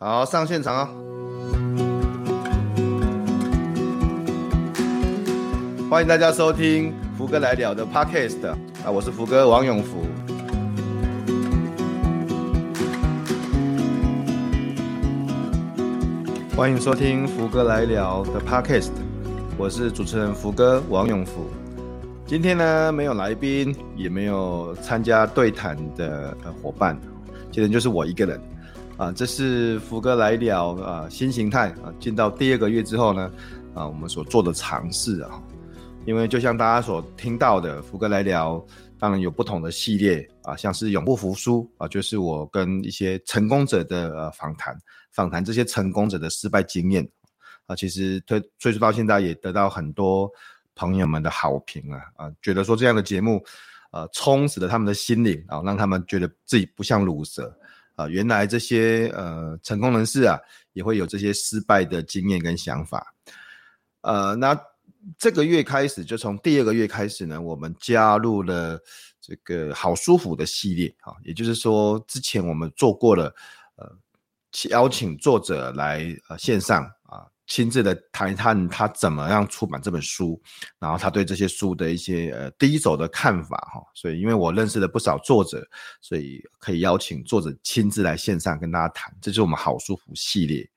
好，上現場哦，歡迎大家收聽福哥來聊的 Podcast 啊，我是福哥王永福。歡迎收聽福哥來聊的 Podcast，我是主持人福哥王永福。今天呢，沒有來賓，也沒有參加對談的夥伴，今天就是我一個人。啊，這是福哥來聊啊，新形態啊，進到第二個月之後呢，啊，我們所做的嘗試啊，因為就像大家所聽到的，福哥來聊，當然有不同的系列啊，像是永不服輸啊，就是我跟一些成功者的訪談，啊，訪談這些成功者的失敗經驗啊，其實推推出到現在也得到很多朋友們的好評啊啊，覺得說這樣的節目，呃、啊，充實了他們的心靈啊，讓他們覺得自己不像魯蛇。啊，原來這些呃成功人士啊，也會有這些失敗的經驗跟想法，呃，那這個月開始就從第二個月開始呢，我們加入了這個好舒服的系列，啊，也就是說之前我們做過了，呃，邀請作者來呃線上。親自的談談他，他怎麼樣出版這本書，然後他對這些書的一些呃第一手的看法哈，所以因為我認識了不少作者，所以可以邀請作者親自來線上跟大家談，這是我們好書福系列。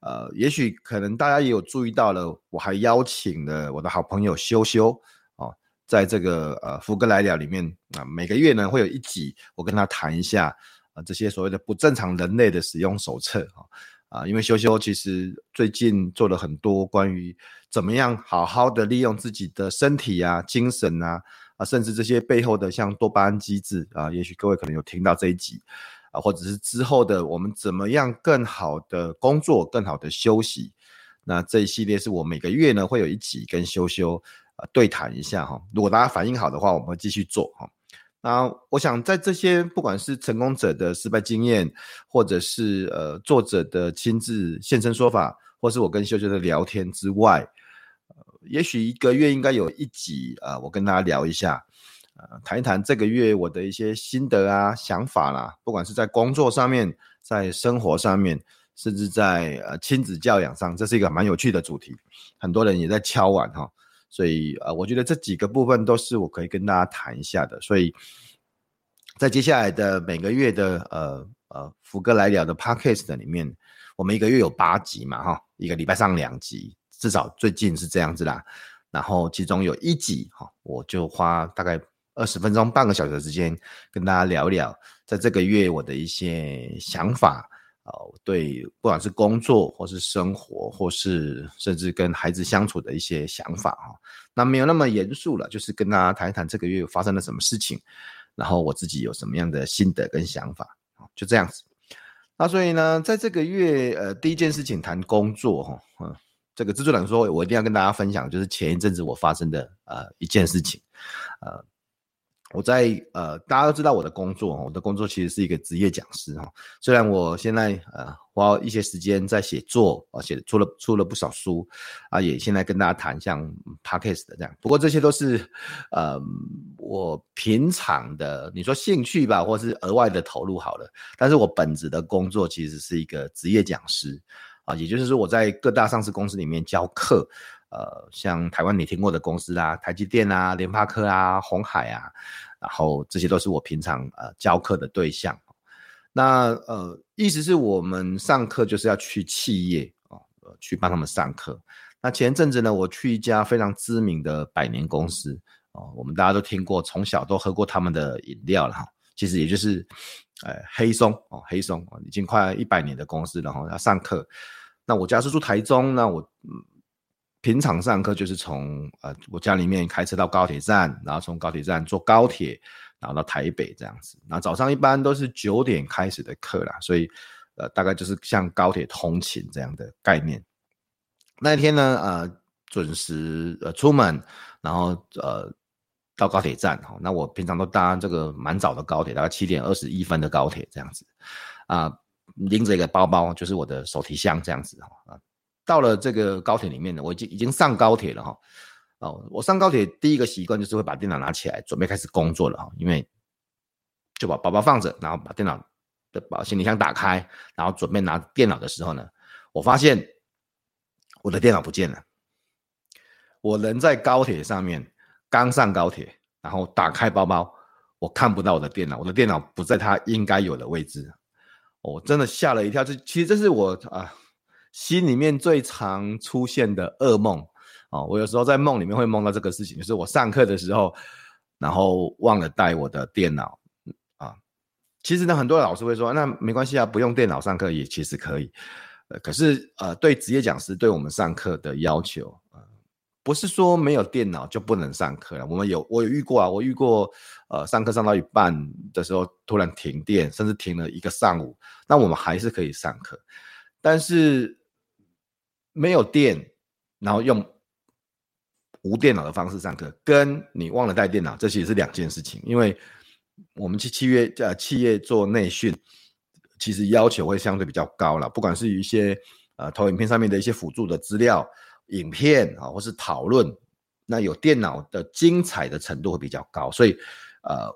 呃，也許可能大家也有注意到了，我還邀請了我的好朋友修修啊，呃，在這個呃福哥來聊裡面啊，呃，每個月呢會有一集我跟他談一下啊、呃、這些所謂的不正常人類的使用手冊啊。呃啊，因為修修其實最近做了很多關於怎麼樣好好的利用自己的身體啊、精神啊，啊，甚至這些背後的像多巴胺機制啊，也許各位可能有聽到這一集，啊，或者是之後的我們怎麼樣更好的工作、更好的休息，那這一系列是我每個月呢會有一集跟修修啊對談一下哈、哦，如果大家反應好的話，我們會繼續做哈。哦那、啊、我想，在這些不管是成功者的失敗經驗，或者是呃作者的親自現身說法，或是我跟秀秀的聊天之外，呃、也許一個月應該有一集啊、呃，我跟大家聊一下，呃，談一談這個月我的一些心得啊、想法啦、啊，不管是在工作上面，在生活上面，甚至在呃親子教養上，這是一個蠻有趣的主題，很多人也在敲碗哈。所以啊、呃，我覺得這幾個部分都是我可以跟大家談一下的。所以在接下來的每個月的呃呃福哥來聊的 podcast 裡面，我們一個月有八集嘛，哈，一個禮拜上兩集，至少最近是這樣子啦。然後其中有一集哈，我就花大概二十分鐘半個小時的時間跟大家聊聊在這個月我的一些想法。對，不管是工作，或是生活，或是甚至跟孩子相處的一些想法哈，那沒有那麼嚴肅了，就是跟大家談一談這個月發生了什麼事情，然後我自己有什麼樣的心得跟想法，就這樣子。那所以呢，在這個月，呃，第一件事情談工作哈，嗯，這個製作人說我一定要跟大家分享，就是前一陣子我發生的呃一件事情，呃。我在呃，大家都知道我的工作，我的工作其實是一個職業講師哈。雖然我現在呃花一些時間在寫作，而且出了出了不少書，啊，也現在跟大家談像 Podcast 這樣。不過這些都是呃我平常的，你說興趣吧，或是額外的投入好了。但是我本職的工作其實是一個職業講師啊，也就是說我在各大上市公司裡面教課。呃，像台灣你聽過的公司啊，台積電啊，聯發科啊，鴻海啊，然後，這些都是我平常呃教課的對象。那呃，意思是我們上課就是要去企業，呃，去幫他們上課。那前陣子呢，我去一家非常知名的百年公司，呃，我們大家都聽過，從小都喝過他們的飲料了哈。其實也就是，黑松哦，黑松，呃，黑松已經快一百年的公司了，然後要上課。那我家是住台中，那我嗯。平常上課就是從呃我家裡面開車到高鐵站，然後從高鐵站坐高鐵，然後到台北這樣子。那早上一般都是九點開始的課啦，所以呃大概就是像高鐵通勤這樣的概念。那一天呢，呃準時呃出門，然後呃到高鐵站哈、哦。那我平常都搭這個蠻早的高鐵，大概七點二十一分的高鐵這樣子啊、呃，拎着一個包包，就是我的手提箱這樣子哈啊。呃到了這個高鐵裡面呢，我已經已經上高鐵了哈、哦，哦，我上高鐵第一個習慣就是會把電腦拿起來，準備開始工作了哈、哦，因為就把包包放着，然後把電腦的把行李箱打開，然後準備拿電腦的時候呢，我發現我的電腦不見了。我人在高鐵上面，剛上高鐵，然後打開包包，我看不到我的電腦，我的電腦不在它應該有的位置，哦、我真的嚇了一跳，這其實這是我啊。呃心裡面最常出現的噩夢啊，我有時候在夢裡面會夢到這個事情，就是我上課的時候，然後忘了帶我的電腦，啊，其實呢，很多老師會說，那沒關係啊，不用電腦上課也其實可以，呃，可是呃，對職業講師，對我們上課的要求啊，呃，不是說沒有電腦就不能上課了。我們有，我有遇過啊，我遇過，呃，上課上到一半的時候突然停電，甚至停了一個上午，那我們還是可以上課。但是沒有電，然後用無電腦的方式上課，跟你忘了帶電腦，這其實是兩件事情。因為我們去企業呃企業做內訓，其實要求會相對比較高了。不管是一些呃投影片上面的一些輔助的資料、影片啊、呃，或是討論，那有電腦的精彩的程度會比較高。所以呃，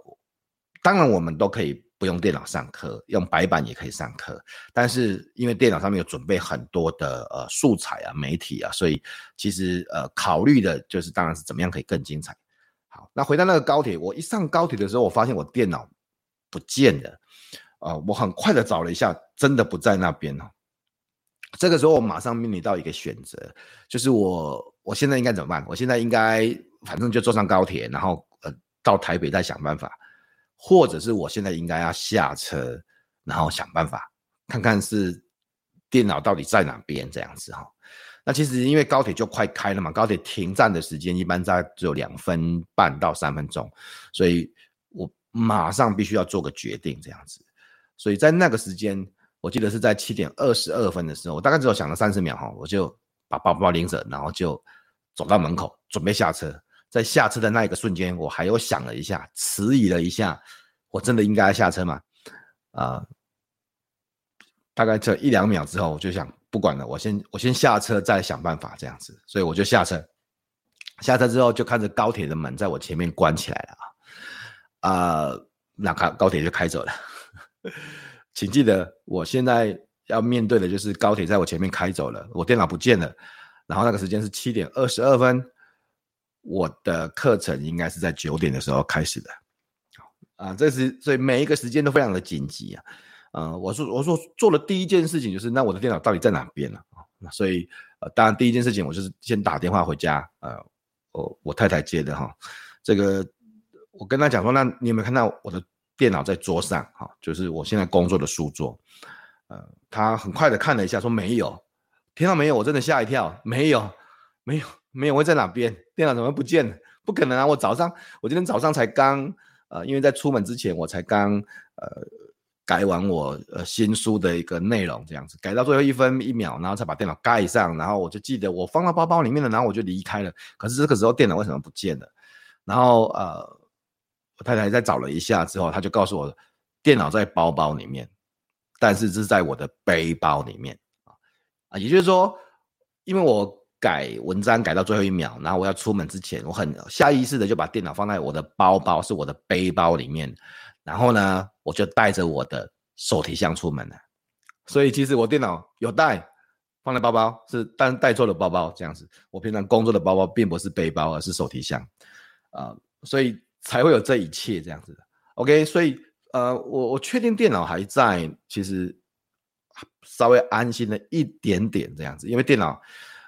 當然我們都可以。不用電腦上課，用白板也可以上課。但是因為電腦上面有準備很多的呃素材啊、媒體啊，所以其實呃考慮的就是，當然是怎麼樣可以更精彩。好，那回到那個高鐵，我一上高鐵的時候，我發現我電腦不見了。哦、呃，我很快的找了一下，真的不在那邊哦。這個時候我馬上面臨到一個選擇，就是我我現在應該怎麼辦？我現在應該反正就坐上高鐵，然後呃到台北再想辦法。或者是我現在應該要下車，然後想辦法看看是電腦到底在哪邊這樣子哈。那其實因為高鐵就快開了嘛，高鐵停站的時間一般在只有兩分半到三分鐘，所以我馬上必須要做個決定這樣子。所以在那個時間，我記得是在七點二十二分的時候，我大概只有想了三十秒哈，我就把包包拎着，然後就走到門口準備下車。在下車的那一個瞬間，我還有想了一下，遲疑了一下，我真的應該要下車嗎？啊、呃，大概這一兩秒之後，我就想不管了，我先我先下車，再想辦法這樣子，所以我就下車。下車之後，就看着高鐵的門在我前面關起來了啊啊、呃，那開高鐵就開走了。 請記得，我現在要面對的就是高鐵在我前面開走了，我電腦不見了，然後那個時間是七點二十二分。我的課程應該是在九點的時候開始的，啊，這是所以每一個時間都非常的緊急啊，啊、呃，我說我說做了第一件事情就是那我的電腦到底在哪邊啊？那所以呃，當然第一件事情我就是先打電話回家，呃，哦，我太太接的哈，這個我跟她講說，那你有沒有看到我的電腦在桌上？哈，就是我現在工作的書桌，她、呃、很快的看了一下，說沒有，聽到沒有？我真的嚇一跳，沒有，沒有。沒有我在哪邊？電腦怎麼會不見了？不可能啊！我早上，我今天早上才剛，呃，因為在出門之前，我才剛，呃，改完我呃新書的一個內容，這樣子改到最後一分一秒，然後才把電腦蓋上，然後我就記得我放到包包裡面了，然後我就離開了。可是這個時候電腦為什麼不見了？然後呃，我太太在找了一下之後，他就告訴我，電腦在包包裡面，但是這是在我的背包裡面啊啊，也就是說，因為我。改文章改到最後一秒，然後我要出門之前，我很下意識的就把電腦放在我的包包，是我的背包裡面。然後呢，我就帶着我的手提箱出門了。所以其實我電腦有帶，放在包包是但帶錯了包包這樣子。我平常工作的包包並不是背包，而是手提箱啊、呃，所以才會有這一切這樣子的。OK，所以呃，我我確定電腦還在，其實稍微安心了一點點這樣子，因為電腦。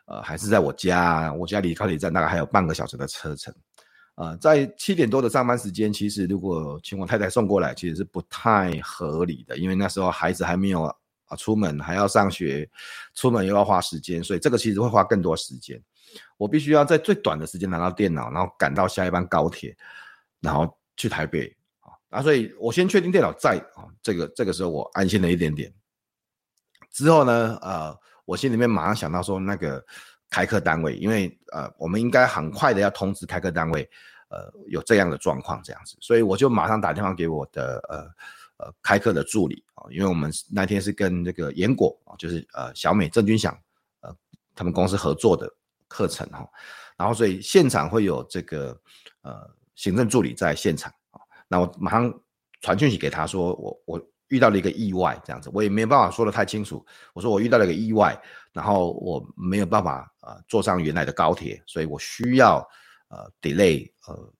呃，還是在我家，我家離高鐵站大概還有半個小時的車程，呃，在七點多的上班時間，其實如果請我太太送過來，其實是不太合理的，因為那時候孩子還沒有、啊、出門，還要上學，出門又要花時間，所以這個其實會花更多時間，我必須要在最短的時間拿到電腦，然後趕到下一班高鐵，然後去台北啊，所以我先確定電腦在啊，這個這個時候我安心了一點點，之後呢，呃……我心裡面馬上想到說，那個開課單位，因為呃，我們應該很快的要通知開課單位，呃，有這樣的狀況這樣子，所以我就馬上打電話給我的呃呃開課的助理啊、哦，因為我們那天是跟這個嚴果啊，就是呃小美鄭君祥呃他們公司合作的課程哈、哦，然後所以現場會有這個呃行政助理在現場啊、哦，那我馬上傳訊息給他說，我我。遇到了一個意外，這樣子我也沒辦法說的太清楚。我說我遇到了一個意外，然後我沒有辦法啊、呃、坐上原來的高鐵，所以我需要呃 delay 呃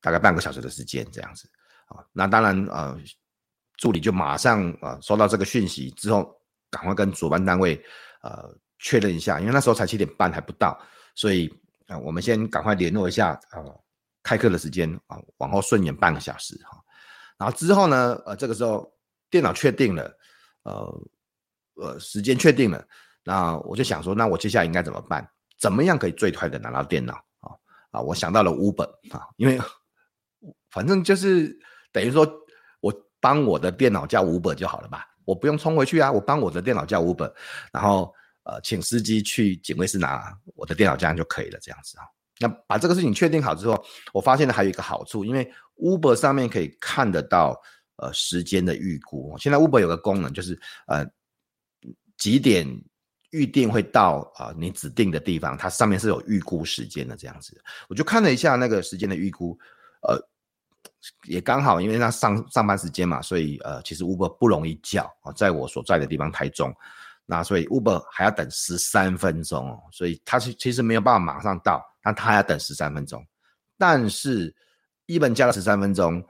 大概半個小時的時間這樣子啊。那當然啊、呃，助理就馬上啊、呃、收到這個訊息之後，趕快跟主辦單位呃確認一下，因為那時候才七點半還不到，所以啊、呃、我們先趕快聯絡一下啊、呃、開課的時間啊、呃、往後順延半個小時哈。然後之後呢呃這個時候。電腦確定了，呃，呃，時間確定了，那我就想說，那我接下來應該怎麼辦？怎麼樣可以最快的拿到電腦啊、哦？啊，我想到了 Uber 啊，因為反正就是等於說我幫我的電腦叫 Uber 就好了吧？我不用衝回去啊，我幫我的電腦叫 Uber，然後呃，請司機去警衛室拿我的電腦這樣就可以了，這樣子啊。那把這個事情確定好之後，我發現了還有一個好處，因為 Uber 上面可以看得到。呃，時間的預估，現在 Uber 有個功能，就是呃幾點預定會到啊，呃，你指定的地方，它上面是有預估時間的，這樣子。我就看了一下那個時間的預估，呃，也剛好，因為它上上班時間嘛，所以呃，其實 Uber 不容易叫，呃，在我所在的地方台中，那所以 Uber 還要等十三分鐘哦，所以它是其實沒有辦法馬上到，那它還要等十三分鐘，但是 Uber 加了十三分鐘，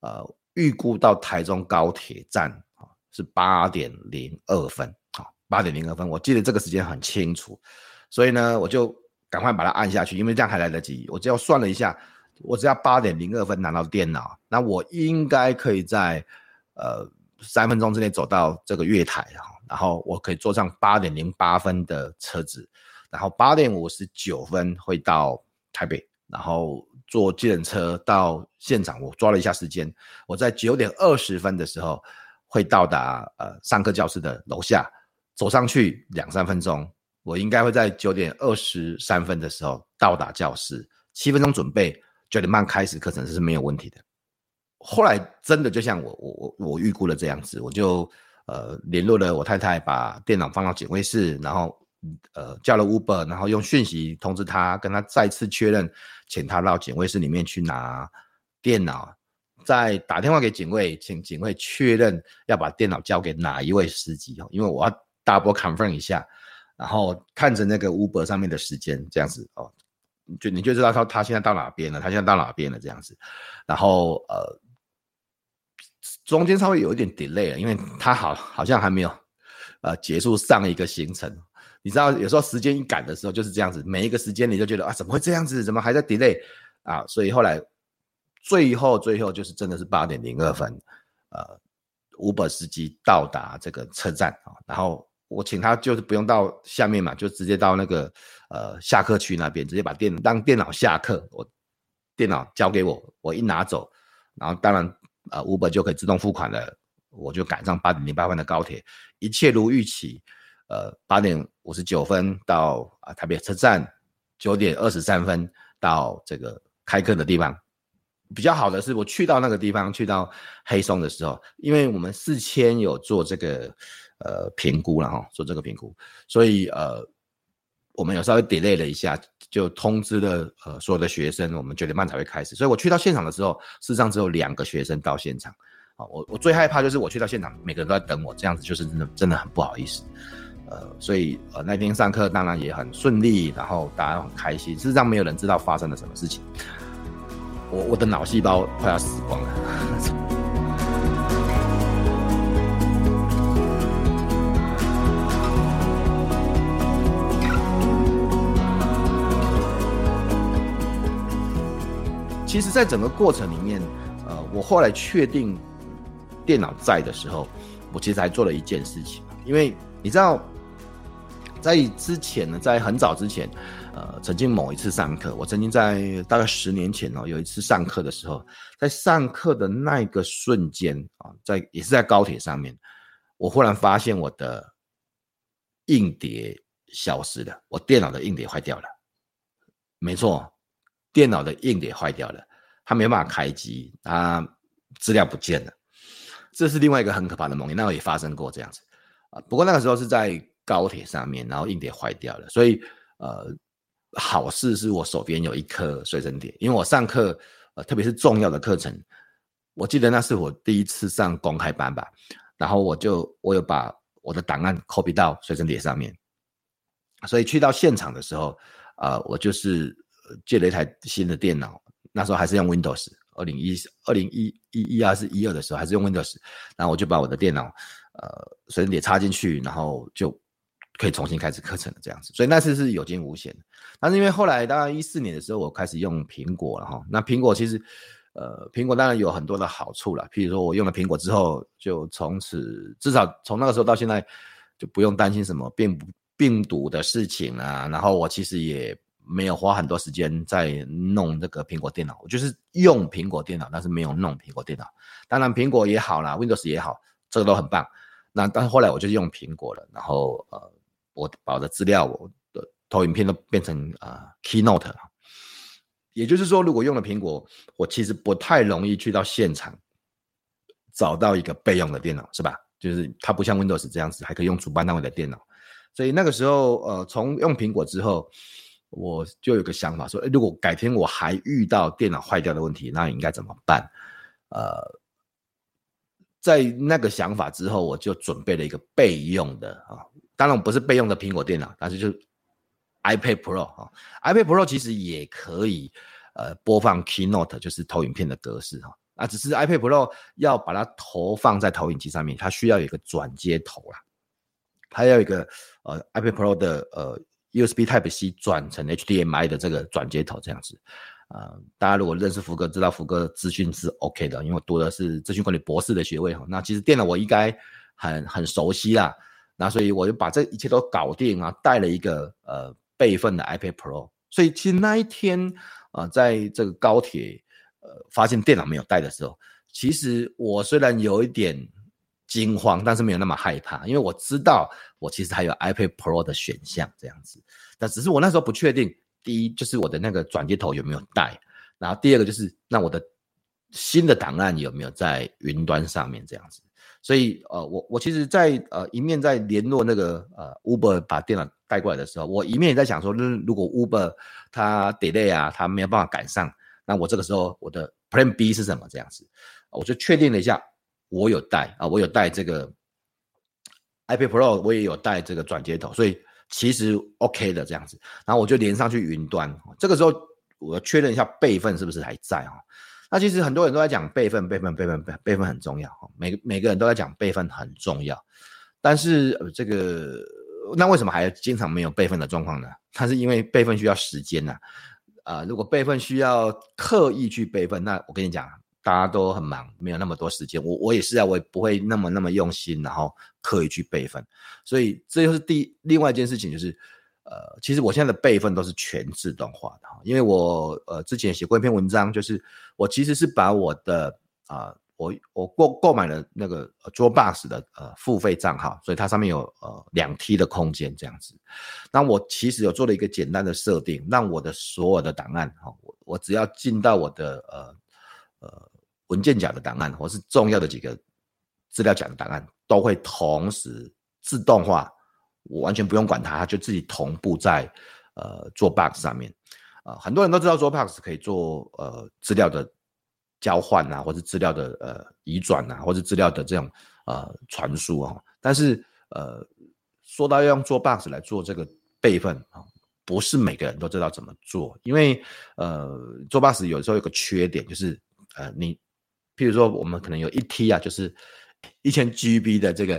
呃。預估到台中高鐵站啊，是八點零二分啊，八點零二分。我記得這個時間很清楚，所以呢，我就趕快把它按下去，因為這樣還來得及。我只要算了一下，我只要八點零二分拿到電腦，那我應該可以在呃三分鐘之內走到這個月台，然後我可以坐上八點零八分的車子，然後八點五十九分會到台北，然後坐計程車到現場，我抓了一下時間，我在九點二十分的時候會到達呃上課教室的樓下，走上去兩三分鐘，我應該會在九點二十三分的時候到達教室，七分鐘準備，九點半開始課程是沒有問題的。後來真的就像我我我我預估了這樣子，我就呃聯絡了我太太，把電腦放到警衛室，然後。呃，叫了 Uber，然後用訊息通知他，跟他再次確認，請他到警衛室裡面去拿電腦。再打電話給警衛，請警衛確認要把電腦交給哪一位司機哦，因為我要 double confirm 一下。然後看着那個 Uber 上面的時間，這樣子哦，就你就知道他他現在到哪邊了，他現在到哪邊了這樣子。然後呃，中間稍微有一點 delay 了，因為他好好像還沒有呃結束上一個行程。你知道有時候時間一趕的時候就是這樣子，每一個時間你就覺得啊怎麼會這樣子，怎麼還在 delay，啊，所以後來最後最後就是真的是八點零二分，呃，Uber 司機到達這個車站啊，然後我請他就是不用到下面嘛，就直接到那個呃下客區那邊，直接把電當電腦下課，我電腦交給我，我一拿走，然後當然呃，Uber 就可以自動付款了，我就趕上八點零八分的高鐵，一切如預期。呃，八點五十九分到啊台北車站，九點二十三分到這個開課的地方。比較好的是我去到那個地方，去到黑松的時候，因為我們事先有做這個呃評估了哈、哦，做這個評估，所以呃我們有稍微 delay 了一下，就通知了呃所有的學生，我們九點半才會開始。所以我去到現場的時候，事實上只有兩個學生到現場。哦、我我最害怕就是我去到現場，每個人都在等我，這樣子就是真的真的很不好意思。呃，所以呃那天上課當然也很順利，然後大家很開心。事實上，沒有人知道發生了什麼事情。我我的腦細胞快要死光了。其實，在整個過程裡面，呃，我後來確定電腦在的時候，我其實還做了一件事情，因為你知道。在之前呢，在很早之前，呃，曾經某一次上課，我曾經在大概十年前哦，有一次上課的時候，在上課的那個瞬間啊、哦，在也是在高鐵上面，我忽然發現我的硬碟消失了，我電腦的硬碟壞掉了。沒錯，電腦的硬碟壞掉了，它沒辦法開機，它資料不見了。這是另外一個很可怕的夢魘，那個也發生過這樣子啊、呃。不過那個時候是在。高鐵上面，然後硬碟壞掉了，所以呃，好事是我手邊有一顆隨身碟，因為我上課呃，特別是重要的課程，我記得那是我第一次上公開班吧，然後我就，我有把我的檔案 copy 到隨身碟上面，所以去到現場的時候啊，呃，我就是借了一台新的電腦，那時候還是用 Windows 二零一二零一一一二是一二的時候還是用 Windows，然後我就把我的電腦呃隨身碟插進去，然後就。可以重新開始課程了，這樣子，所以那次是有驚無險。但是因為後來，當然一四年的時候，我開始用蘋果了哈。那蘋果其實，呃，蘋果當然有很多的好處了。譬如說我用了蘋果之後，就從此至少從那個時候到現在，就不用擔心什麼病病毒的事情啊。然後我其實也沒有花很多時間在弄這個蘋果電腦，我就是用蘋果電腦，但是沒有弄蘋果電腦。當然蘋果也好啦 Windows 也好，這個都很棒。那但是後來我就用蘋果了，然後呃。我把我的資料、我的投影片都變成啊、呃，Keynote 了。也就是說，如果用了蘋果，我其實不太容易去到現場找到一個備用的電腦，是吧？就是它不像 Windows 這樣子，還可以用主辦單位的電腦。所以那個時候，呃，從用蘋果之後，我就有個想法說，欸，如果改天我還遇到電腦壞掉的問題，那應該怎麼辦？呃，在那個想法之後，我就準備了一個備用的啊。呃當然，我不是備用的蘋果電腦，但是就 iPad Pro 哈、哦、，iPad Pro 其實也可以呃播放 Keynote，就是投影片的格式哈。啊、哦，那只是 iPad Pro 要把它投放在投影機上面，它需要有一個轉接頭啦，它要有一個呃 iPad Pro 的呃 USB Type C 轉成 HDMI 的這個轉接頭這樣子。啊、呃，大家如果認識福哥，知道福哥資訊是 OK 的，因為我讀的是資訊管理博士的學位哈、哦。那其實電腦我應該很很熟悉啦。那所以我就把這一切都搞定啊，帶了一個呃備份的 iPad Pro。所以其實那一天啊，呃，在這個高鐵呃發現電腦沒有帶的時候，其實我雖然有一點驚慌，但是沒有那麼害怕，因為我知道我其實還有 iPad Pro 的選項這樣子。但只是我那時候不確定，第一就是我的那個轉接頭有沒有帶，然後第二個就是那我的新的檔案有沒有在雲端上面這樣子。所以，呃，我我其實在，在呃一面在聯絡那個呃 Uber 把電腦帶過來的時候，我一面也在想說，那如果 Uber 它 delay 啊，它沒有辦法趕上，那我這個時候我的 Plan B 是什麼這樣子？我就確定了一下，我有帶啊、呃，我有帶這個 iPad Pro，我也有帶這個轉接頭，所以其實 OK 的這樣子。然後我就連上去雲端，這個時候我要確認一下備份是不是還在啊？那其實很多人都在講備份，備份，備份，備份很重要。每每個人都在講備份很重要，但是、呃、這個那為什麼還經常沒有備份的狀況呢？它是因為備份需要時間吶、啊。啊、呃，如果備份需要刻意去備份，那我跟你講，大家都很忙，沒有那麼多時間。我我也是啊，我也不會那麼那麼用心，然後刻意去備份。所以這就是第另外一件事情就是。呃，其實我現在的備份都是全自動化的哈，因為我呃之前寫過一篇文章，就是我其實是把我的啊、呃、我我購購買了那個 Dropbox 的呃付費賬號，所以它上面有呃兩 T 的空間這樣子。那我其實有做了一個簡單的設定，讓我的所有的檔案哈，我、呃、我只要進到我的呃呃文件夾的檔案，或是重要的幾個資料夾的檔案，都會同時自動化。我完全不用管它，它就自己同步在，呃，Dropbox 上面，啊、呃，很多人都知道 Dropbox 可以做呃資料的交換吶、啊，或者資料的呃移轉吶、啊，或者資料的這種呃傳輸啊。但是呃，說到要用 Dropbox 來做這個備份啊、呃，不是每個人都知道怎麼做，因為呃，Dropbox 有時候有一個缺點就是呃，你譬如說，我們可能有一 T 啊，就是一千 GB 的這個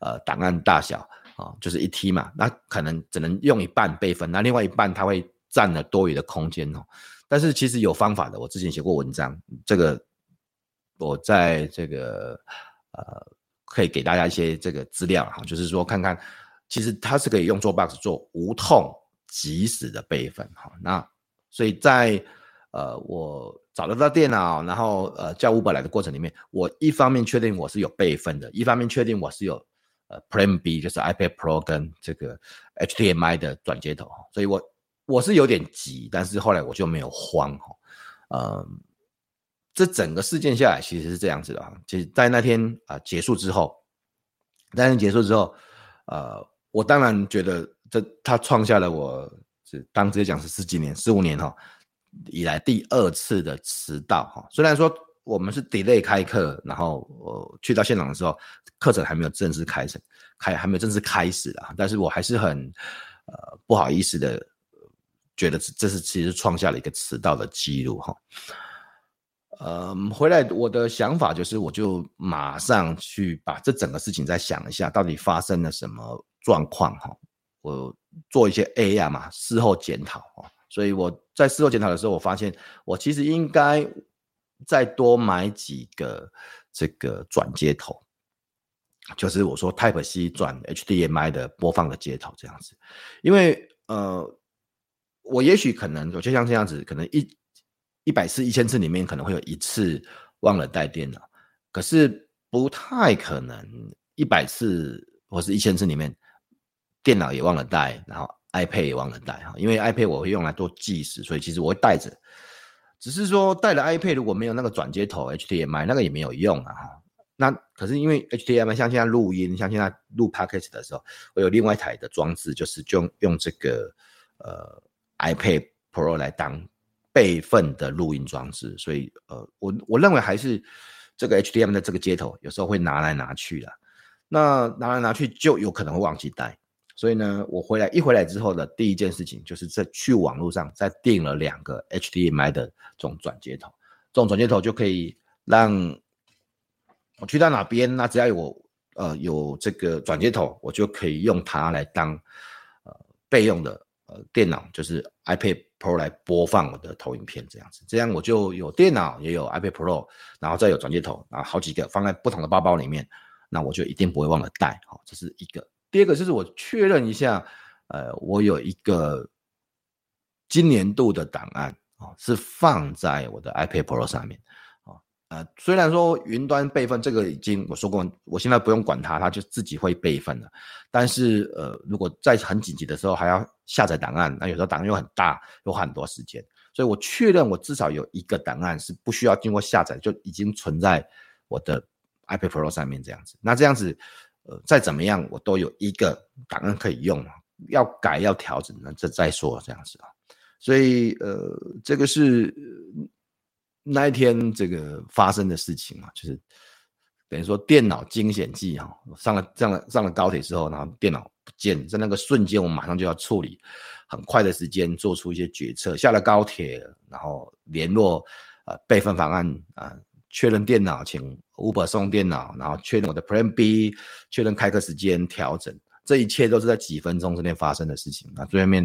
呃檔案大小。啊，就是一 T 嘛，那可能只能用一半備份，那另外一半它會占了多餘的空間哦。但是其實有方法的，我之前寫過文章，這個我在這個呃可以給大家一些這個資料哈，就是說看看，其實它是可以用做 box 做無痛即時的備份哈、哦。那所以在呃我找得到電腦，然後呃叫五百來的過程裡面，我一方面確定我是有備份的，一方面確定我是有。呃，Plan B 就是 iPad Pro 跟這個 HDMI 的轉接頭，所以我我是有點急，但是後來我就沒有慌哈、嗯，這整個事件下來其實是這樣子的啊，其實在那天啊、呃、結束之後，在那天結束之後，呃，我當然覺得這他創下了我這當職業講師十幾年、十五年哈以來第二次的遲到哈，雖然說。我們是 delay 開課，然後我、呃、去到現場的時候，課程還沒有正式開始，開還沒有正式開始啊。但是我還是很呃不好意思的，覺得這這是其實創下了一個遲到的記錄哈。呃、哦嗯，回來我的想法就是，我就馬上去把這整個事情再想一下，到底發生了什麼狀況哈、哦？我做一些 AI 嘛，事後檢討啊、哦。所以我在事後檢討的時候，我發現我其實應該。再多買幾個這個轉接頭，就是我說 Type C 轉 HDMI 的播放的接頭這樣子，因為呃，我也許可能我就像這樣子，可能一一百次、一千次裡面可能會有一次忘了帶電腦，可是不太可能一百次或是一千次裡面電腦也忘了帶，然後 iPad 也忘了帶哈，因為 iPad 我會用來做計時，所以其實我會帶着。只是說帶了 iPad 如果沒有那個轉接頭 HDMI 那個也沒有用啊那可是因為 HDMI 像現在錄音，像現在錄 Podcast 的時候，我有另外一台的裝置，就是就用這個呃 iPad Pro 來當備份的錄音裝置，所以呃我我認為還是這個 HDMI 的這個接頭有時候會拿來拿去的，那拿來拿去就有可能會忘記帶。所以呢，我回來一回來之後的第一件事情，就是在去網絡上再訂了兩個 HDMI 的這種轉接頭，這種轉接頭就可以讓我去到哪邊，那只要有我呃有這個轉接頭，我就可以用它來當呃備用的呃電腦，就是 iPad Pro 來播放我的投影片這樣子，這樣我就有電腦也有 iPad Pro，然後再有轉接頭啊，然後好幾個放在不同的包包裡面，那我就一定不會忘了帶，好、哦，這是一個。第二個就是我確認一下，呃，我有一個今年度的檔案啊、哦，是放在我的 iPad Pro 上面啊、哦。呃，雖然說雲端備份這個已經我說過，我現在不用管它，它就自己會備份了。但是呃，如果在很緊急的時候還要下載檔案，那有時候檔案又很大，有花很多時間。所以我確認我至少有一個檔案是不需要經過下載，就已經存在我的 iPad Pro 上面這樣子。那這樣子。呃，再怎麼樣，我都有一個檔案可以用，要改要調整，那這再說這樣子啊。所以呃，這個是那一天這個發生的事情嘛，就是等於說，電腦驚險記哈。上了上了上了高鐵之後，然後電腦不見，在那個瞬間，我馬上就要處理，很快的時間做出一些決策。下了高鐵，然後聯絡呃備份方案啊，呃，確認電腦，請。Uber 送電腦，然後確認我的 Plan B，確認開課時間調整，這一切都是在幾分鐘之內發生的事情。那最後面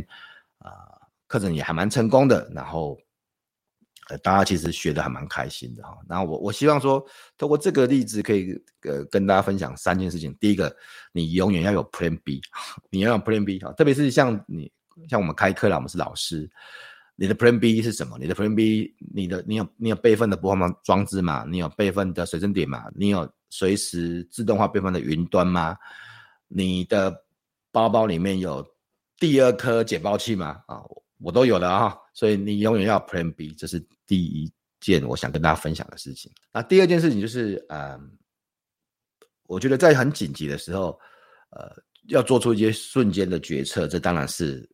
啊、呃，課程也還蠻成功的，然後呃大家其實學的還蠻開心的哈、哦。然後我我希望說，通過這個例子可以呃跟大家分享三件事情。第一個，你永遠要有 Plan B，你要有 Plan B、哦，特別是像你像我們開課啦，我們是老師。你的 Plan B 是什麼？你的 Plan B，你的你有你有備份的播放裝置嗎？你有備份的隨身碟嗎？你有隨時自動化備份的雲端嗎？你的包包裡面有第二顆解包器嗎？啊、哦，我都有的啊、哦，所以你永遠要 Plan B，這是第一件我想跟大家分享的事情。那第二件事情就是，嗯、呃，我覺得在很緊急的時候，呃，要做出一些瞬間的決策，這當然是。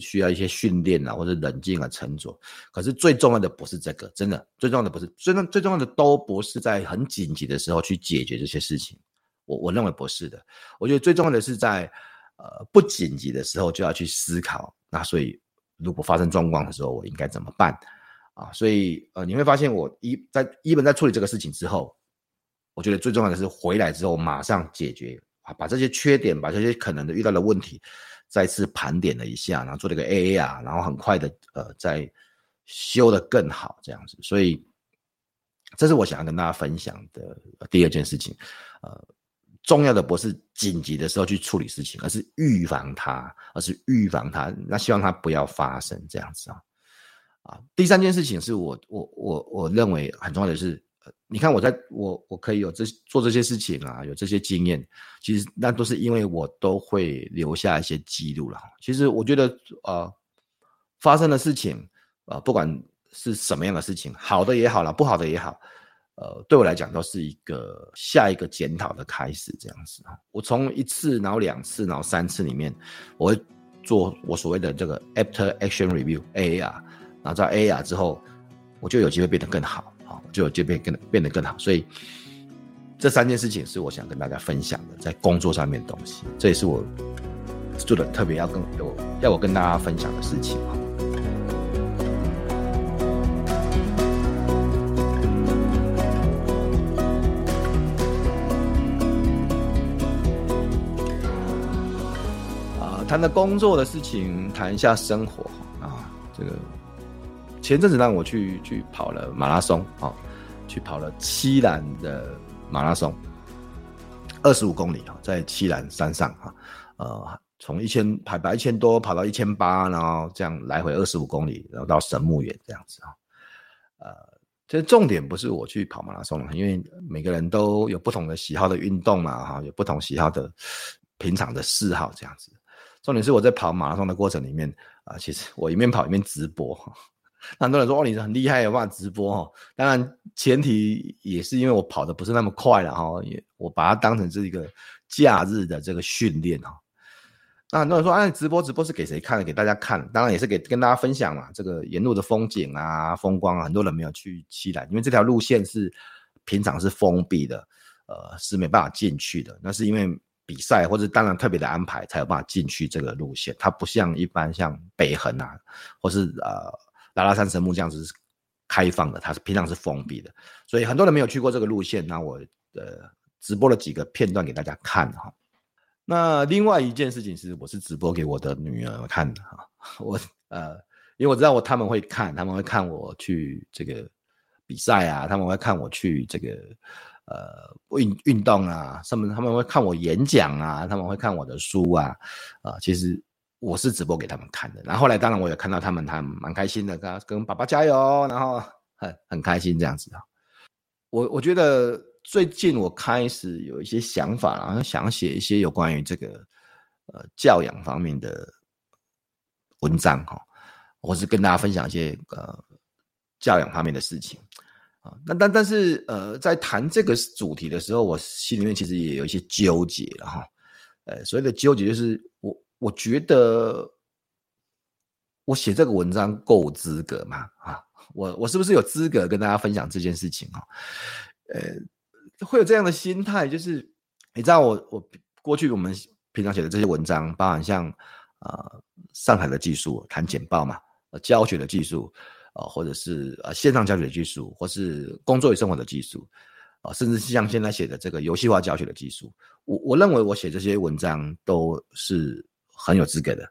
需要一些訓練啊，或者冷靜啊、沉着。可是最重要的不是這個，真的最重要的不是，最重最重要的都不是在很緊急的時候去解決這些事情。我我認為不是的，我覺得最重要的是在呃，不緊急的時候就要去思考。那所以，如果發生狀況的時候，我應該怎麼辦啊？所以呃，你會發現我一在一本在處理這個事情之後，我覺得最重要的是回來之後馬上解決啊，把這些缺點，把這些可能的遇到的問題。再次盤點了一下，然後做了個 AAR 啊，然後很快的呃，再修得更好這樣子，所以這是我想要跟大家分享的第二件事情，呃，重要的不是緊急的時候去處理事情，而是預防它，而是預防它，那希望它不要發生這樣子啊，啊，第三件事情是我我我我認為很重要的是。你看我在我我可以有這做這些事情啊，有這些經驗，其實那都是因為我都會留下一些記錄了。其實我覺得，呃，發生的事情，呃，不管是什麼樣的事情，好的也好了，不好的也好，呃，對我來講都是一個下一個檢討的開始這樣子。我從一次，然後兩次，然後三次裡面，我會做我所謂的這個 after action review AAR，然後在 AAR 之後，我就有機會變得更好。啊，就就變更變得更好，所以這三件事情是我想跟大家分享的，在工作上面的東西，這也是我做的特別要跟我要我跟大家分享的事情 啊。啊，談到工作的事情，談一下生活啊，這個。前陣子讓我去去跑了馬拉松啊、哦，去跑了棲蘭的馬拉松，二十五公里啊，在棲蘭山上啊，呃，從一千海拔一千多跑到一千八，然後這樣來回二十五公里，然後到神木園這樣子啊，呃，其實重點不是我去跑馬拉松，因為每個人都有不同的喜好的運動嘛、啊、哈，有不同喜好的平常的嗜好這樣子。重點是我在跑馬拉松的過程裡面啊、呃，其實我一面跑一面直播。那很多人說：“哦，你很厲害，有辦法直播哈？”當然，前提也是因為我跑得不是那麼快了哈，也我把它當成是一個假日的這個訓練哈。那很多人說：“啊，直播直播是給誰看的？給大家看？當然也是給跟大家分享嘛，這個沿路的風景啊，風光啊，很多人沒有去期待，因為這條路線是平常是封閉的，呃，是沒辦法進去的。那是因為比賽或者當然特別的安排才有辦法進去這個路線。它不像一般像北橫啊，或是呃。”拉拉山神木這樣子是開放的，它是平常是封閉的，所以很多人沒有去過這個路線。那我呃直播了幾個片段給大家看哈。那另外一件事情是，我是直播給我的女兒看的哈。我呃，因為我知道我他們會看，他們會看我去這個比賽啊，他們會看我去這個呃運運動啊，甚至他們會看我演講啊，他們會看我的書啊，啊、呃，其實。我是直播給他們看的，然後,後來當然我也看到他們，他們蠻開心的，跟跟爸爸加油，然後很很開心這樣子。我我覺得最近我開始有一些想法，然後想寫一些有關於這個呃教養方面的文章哈，或是跟大家分享一些呃教養方面的事情啊。但但但是呃，在談這個主題的時候，我心裡面其實也有一些糾結了哈。呃，所謂的糾結就是我。我覺得我寫這個文章夠資格嗎？啊，我我是不是有資格跟大家分享這件事情啊？呃、欸，會有這樣的心態，就是你知道我，我我過去我們平常寫的這些文章，包含像啊、呃、上台的技術談簡報嘛，呃教學的技術啊、呃，或者是啊、呃、線上教學的技術，或是工作與生活的技術啊、呃，甚至像現在寫的這個遊戲化教學的技術，我我認為我寫這些文章都是。很有資格的，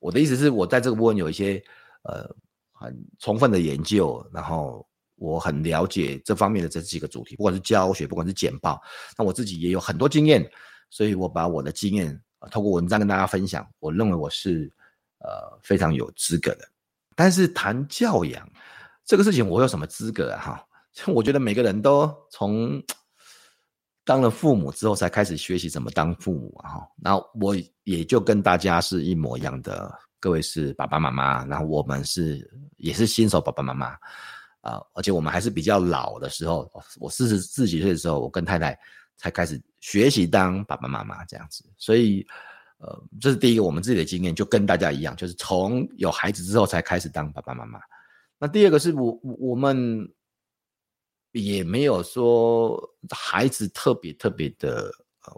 我的意思是，我在這個部分有一些呃很充分的研究，然後我很了解這方面的這幾個主題，不管是教學，不管是簡報，那我自己也有很多經驗，所以我把我的經驗透過文章跟大家分享。我認為我是呃非常有資格的，但是談教養這個事情，我有什麼資格啊？哈，我覺得每個人都從。當了父母之後，才開始學習怎麼當父母啊！哈，然後我也就跟大家是一模一樣的，各位是爸爸媽媽，然後我們是也是新手爸爸媽媽啊，而且我們還是比較老的時候，我四十四十幾歲的時候，我跟太太才開始學習當爸爸媽媽這樣子，所以呃，這是第一個我們自己的經驗，就跟大家一樣，就是從有孩子之後才開始當爸爸媽媽。那第二個是我我們。也沒有說孩子特別特別的呃，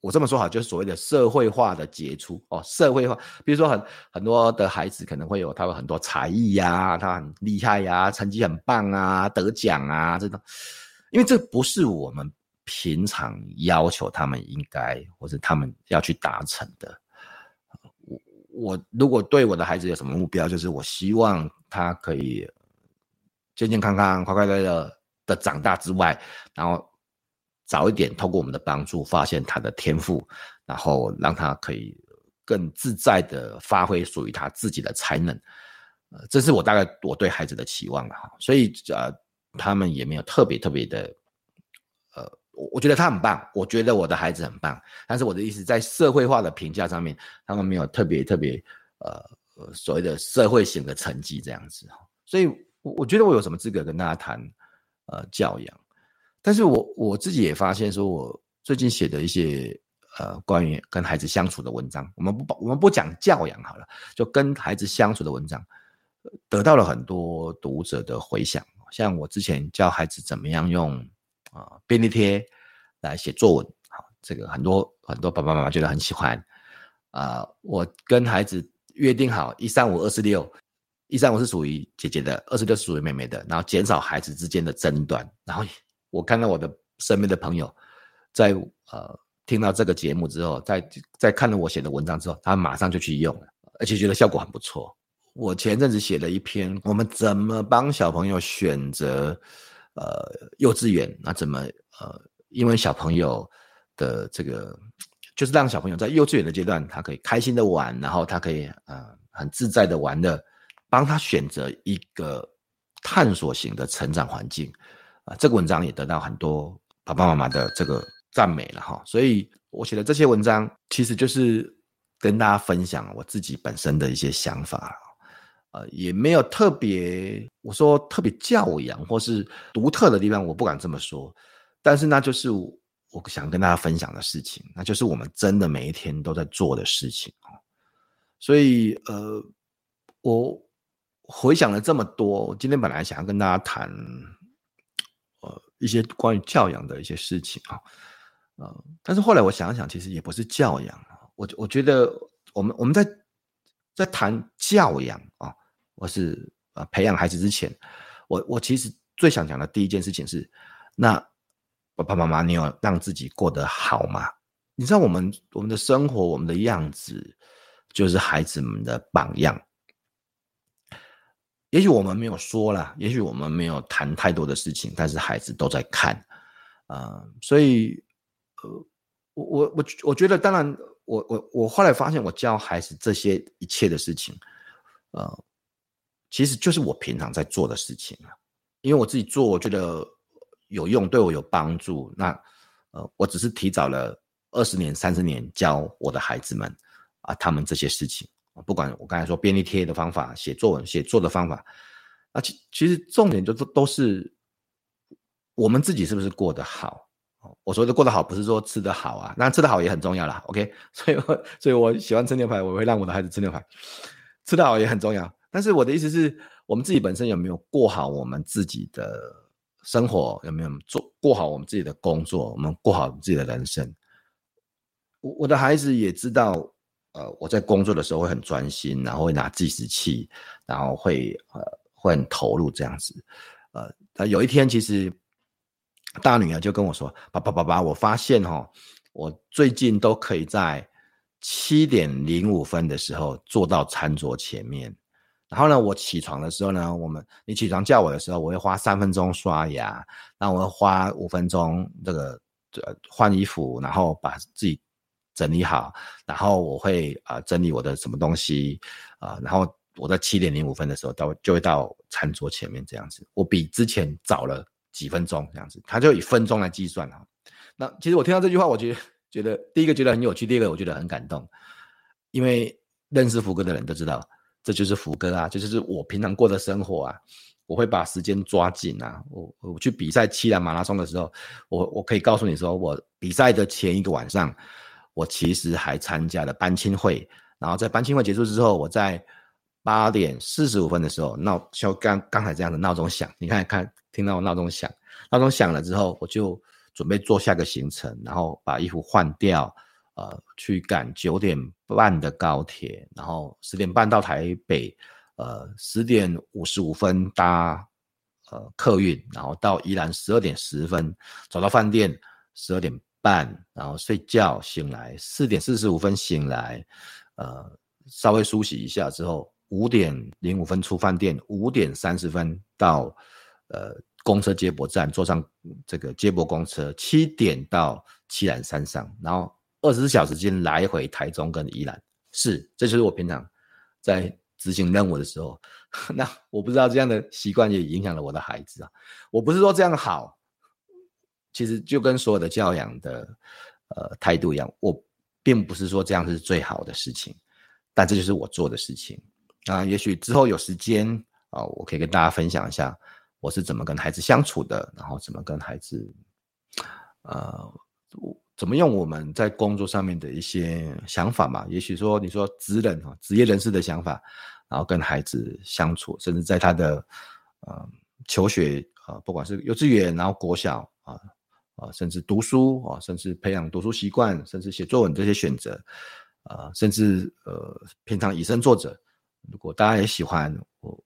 我這麼說好，就是所謂的社會化的傑出哦，社會化，比如說很很多的孩子可能會有他們很多才藝呀，他很厲害呀，成績很棒啊，得獎啊，這種，因為這不是我們平常要求他們應該或者他們要去達成的。我我如果對我的孩子有什麼目標，就是我希望他可以健健康康、快快樂樂的長大之外，然後早一點通過我們的幫助，發現他的天賦，然後讓他可以更自在的發揮屬於他自己的才能。這是我大概我對孩子的期望了哈。所以呃，他們也沒有特別特別的，呃，我我覺得他很棒，我覺得我的孩子很棒。但是我的意思，在社會化的評價上面，他們沒有特別特別呃所謂的社會型的成績這樣子哈。所以，我我覺得我有什麼資格跟大家談？呃，教養，但是我我自己也發現，說我最近寫的一些呃關於跟孩子相處的文章，我們不我們不講教養好了，就跟孩子相處的文章得到了很多讀者的回響。像我之前教孩子怎麼樣用啊便利貼來寫作文，好，這個很多很多爸爸媽媽覺得很喜歡。啊、呃，我跟孩子約定好一三五二四六。以上我是屬於姐姐的，二十六是屬於妹妹的。然後減少孩子之間的爭端。然後我看到我的身邊的朋友在，在呃聽到這個節目之後，在在看了我寫的文章之後，他馬上就去用，而且覺得效果很不錯。我前陣子寫了一篇，我們怎麼幫小朋友選擇呃幼稚園？那怎麼呃因為小朋友的這個，就是讓小朋友在幼稚園的階段，他可以開心的玩，然後他可以呃很自在的玩的。幫他選擇一個探索型的成長環境，啊、呃，這個文章也得到很多爸爸媽媽的這個讚美了哈。所以，我寫的這些文章其實就是跟大家分享我自己本身的一些想法，啊、呃，也沒有特別我說特別教養或是獨特的地方，我不敢這麼說。但是，那就是我想跟大家分享的事情，那就是我們真的每一天都在做的事情哈，所以，呃，我。回想了這麼多，我今天本來想要跟大家談，呃，一些關於教養的一些事情啊，嗯、哦，但是後來我想想，其實也不是教養，我我覺得我們我們在在談教養啊、哦，我是呃培養孩子之前，我我其實最想講的第一件事情是，那爸爸媽媽，你有讓自己過得好嗎？你知道，我們我們的生活，我們的樣子，就是孩子們的榜樣。也許我們沒有說啦，也許我們沒有談太多的事情，但是孩子都在看，啊、呃，所以，呃，我我我我覺得，當然我，我我我後來發現，我教孩子這些一切的事情、呃，其實就是我平常在做的事情。因為我自己做，我覺得有用，對我有幫助。那，呃，我只是提早了二十年、三十年教我的孩子們，啊，他們這些事情。不管我剛才說便利貼的方法，寫作文寫作的方法，啊，其其實重點就是，都是我們自己是不是過得好？我說的過得好，不是說吃得好啊，那吃得好也很重要啦，OK？所以我，所以我喜歡吃牛排，我會讓我的孩子吃牛排，吃得好也很重要。但是我的意思是我們自己本身有沒有過好我們自己的生活，有沒有做過好我們自己的工作，我們過好我們自己的人生。我我的孩子也知道。呃，我在工作的時候會很專心，然後會拿計時器，然後會呃會很投入這樣子。呃，有一天其實大女兒就跟我說：“爸爸爸爸，我發現哦，我最近都可以在七點零五分的時候坐到餐桌前面。然後呢，我起床的時候呢，我們你起床叫我的時候，我會花三分鐘刷牙，然後我會花五分鐘這個呃換衣服，然後把自己。”整理好，然後我會啊、呃、整理我的什麼東西啊、呃，然後我在七點零五分的時候到就會到餐桌前面這樣子，我比之前早了幾分鐘這樣子，他就以分鐘來計算。那其實我聽到這句話，我覺得覺得第一個覺得很有趣，第二個我覺得很感動，因為認識福哥的人都知道，這就是福哥啊，就，就是我平常過的生活啊，我會把時間抓緊啊。我我去比賽期蘭馬拉松的時候，我我可以告訴你說，我比賽的前一個晚上。我其實還參加了班親會，然後在班親會結束之後，我在八點四十五分的時候鬧，像剛剛才這樣的鬧鐘響，你看看聽到鬧鐘響，鬧鐘響了之後，我就準備做下個行程，然後把衣服換掉，呃，去趕九點半的高鐵，然後十點半到台北，呃，十點五十五分搭，呃，客運，然後到宜蘭十二點十分走到飯店，十二點。半，然後睡覺，醒來，四點四十五分醒來，呃，稍微梳洗一下之後，五點零五分出飯店，五點三十分到呃公車接駁站，坐上這個接駁公車，七點到宜蘭山上，然後二十四小時間來回台中跟宜蘭，是，這就是我平常在執行任務的時候， 那我不知道這樣的習慣也影響了我的孩子啊，我不是說這樣好。其實就跟所有的教養的呃態度一樣，我並不是說這樣是最好的事情，但這就是我做的事情。那也許之後有時間啊、呃，我可以跟大家分享一下我是怎麼跟孩子相處的，然後怎麼跟孩子，呃，怎麼用我們在工作上面的一些想法嘛。也許說你說職人、哈，職業人士的想法，然後跟孩子相處，甚至在他的呃求學啊、呃，不管是幼稚園，然後國小啊。呃啊，甚至讀書啊，甚至培養讀書習慣，甚至寫作文這些選擇，啊、呃，甚至呃，平常以身作則。如果大家也喜歡我，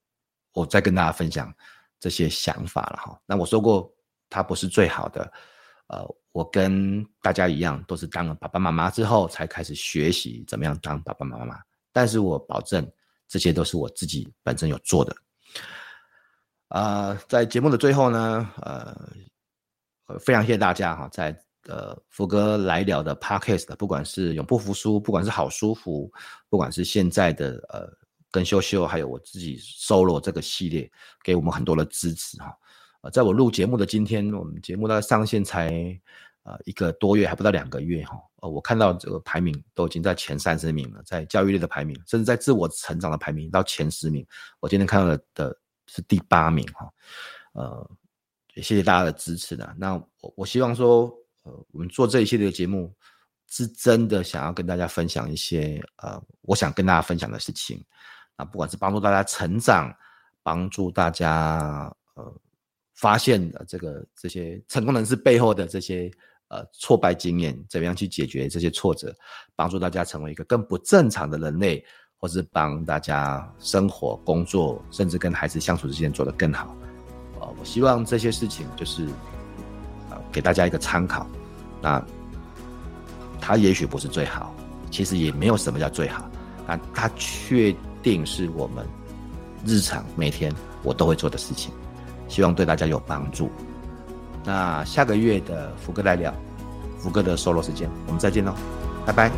我再跟大家分享這些想法了哈。那我說過，它不是最好的，呃，我跟大家一樣，都是當了爸爸媽媽之後才開始學習怎麼樣當爸爸媽媽。但是我保證，這些都是我自己本身有做的。啊、呃，在節目的最後呢，呃。呃，非常謝謝大家哈，在呃，福哥來聊的 Podcast，不管是永不服輸，不管是好舒服，不管是現在的呃，跟修修，還有我自己 solo 這個系列，給我們很多的支持哈。呃，在我錄節目的今天，我們節目大概上線才呃一個多月，還不到兩個月哈。呃，我看到這個排名都已經在前三十名了，在教育類的排名，甚至在自我成長的排名到前十名。我今天看到的是第八名哈，呃。也謝謝大家的支持啦。那我我希望說，呃，我們做這一系列的節目，是真的想要跟大家分享一些，呃，我想跟大家分享的事情。啊，不管是幫助大家成長，幫助大家呃發現的這個這些成功人士背後的這些呃挫敗經驗，怎麼樣去解決這些挫折，幫助大家成為一個更不正常的人類，或是幫大家生活、工作，甚至跟孩子相處之間做得更好。啊、呃，我希望這些事情就是啊、呃，給大家一個參考。那它也許不是最好，其實也沒有什麼叫最好。那它確定是我們日常每天我都會做的事情，希望對大家有幫助。那下個月的福哥來聊，福哥的 solo 時間，我們再見嘍，拜拜。